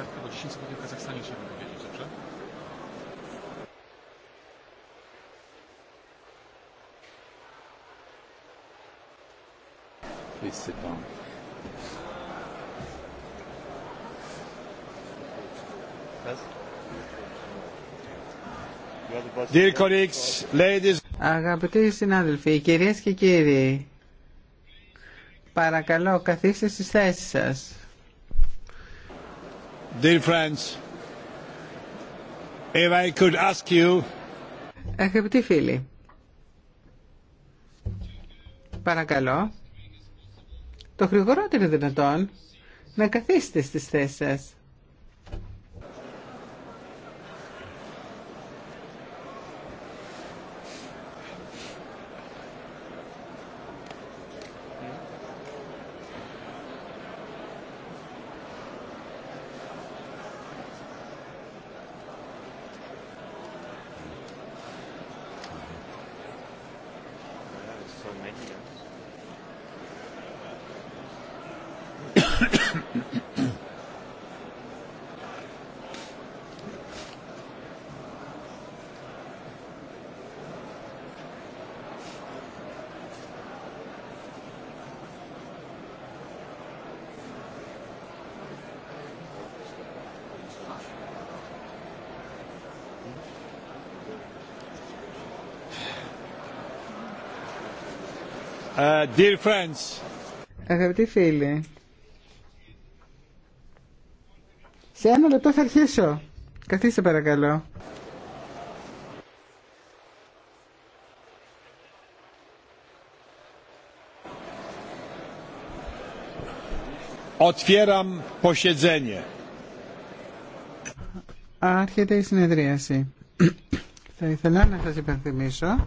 Karp tego 10 sekund w Kazachstanie trzeba dowiedzieć, dobrze? Please sit down. Dear colleagues, ladies. Αγαπητοί συνάδελφοι, κυρίες και κύριοι, παρακαλώ καθίστε στις θέσεις σας. Αγαπητοί φίλοι, παρακαλώ, το γρηγορότερο δυνατόν να καθίσετε στις θέσεις σας. so many. Ε, Αγαπητοί φίλοι, σε ένα λεπτό θα αρχίσω. Καθίστε παρακαλώ. Otwieram posiedzenie. Άρχεται η συνεδρίαση. θα ήθελα να σας υπενθυμίσω